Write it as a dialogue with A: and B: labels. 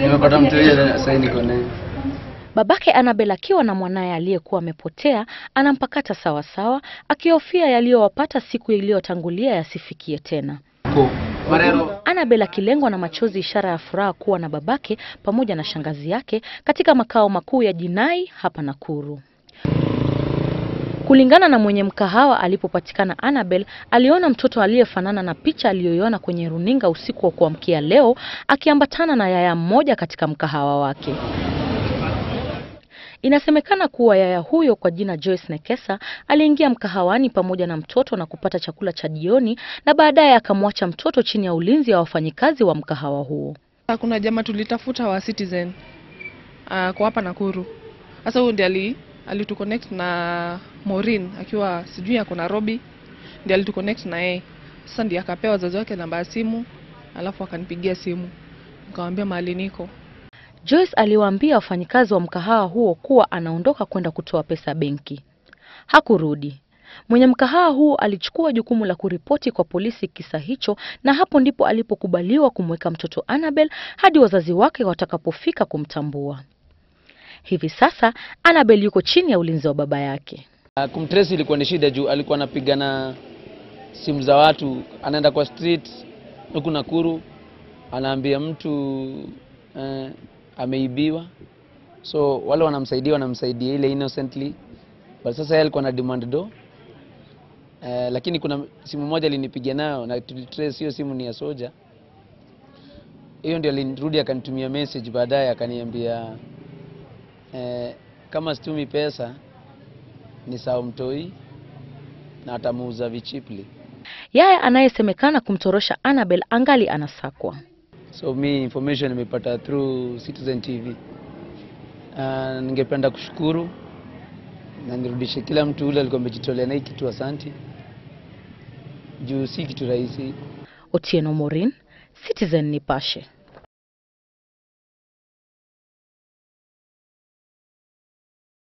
A: nimepata mteja sasa niko naye. Babake Annabel akiwa na mwanaye aliyekuwa amepotea anampakata sawasawa, akihofia yaliyowapata siku iliyotangulia yasifikie tena. Annabel akilengwa na machozi, ishara ya furaha kuwa na babake pamoja na shangazi yake katika makao makuu ya jinai hapa Nakuru. Kulingana na mwenye mkahawa, alipopatikana Annabel aliona mtoto aliyefanana na picha aliyoiona kwenye runinga usiku wa kuamkia leo akiambatana na yaya mmoja katika mkahawa wake. Inasemekana kuwa yaya huyo kwa jina Joyce Nekesa aliingia mkahawani pamoja na mtoto na kupata chakula cha jioni na baadaye akamwacha mtoto chini ya ulinzi wa wafanyikazi wa mkahawa huo.
B: Ah, kuna jamaa tulitafuta wa Citizen uh, kwa hapa Nakuru. Sasa huyo ndiye alituconnect na Maureen akiwa sijui ako Nairobi, ndiye alituconnect na yeye. Sasa ndio akapewa wazazi wake namba ya simu, alafu akanipigia simu, nikamwambia mahali niko.
A: Joyce aliwaambia wafanyikazi wa mkahawa huo kuwa anaondoka kwenda kutoa pesa benki. Hakurudi. Mwenye mkahawa huo alichukua jukumu la kuripoti kwa polisi kisa hicho, na hapo ndipo alipokubaliwa kumweka mtoto Annabel hadi wazazi wake watakapofika kumtambua. Hivi sasa Annabel yuko chini ya ulinzi wa baba yake.
C: Ah, kumtrace ilikuwa ni shida juu alikuwa anapigana simu za watu, anaenda kwa street huku Nakuru, anaambia mtu eh, ameibiwa, so wale wanamsaidia wanamsaidia ile innocently, but sasa yeye alikuwa na demand do eh, lakini kuna simu moja alinipiga nayo na tulitrace hiyo simu ni ya soja. Hiyo ndio alirudi akanitumia message baadaye akaniambia eh, kama situmi pesa ni sawa mtoi na atamuuza vichipli.
A: Yeye anayesemekana kumtorosha Annabel angali anasakwa.
C: So mi information nimepata through Citizen TV. Uh, ah, ningependa kushukuru na nirudishe kila mtu ule alikuwa amejitolea na hii kitu, asanti juu si kitu rahisi.
A: Otieno Morin, Citizen Nipashe.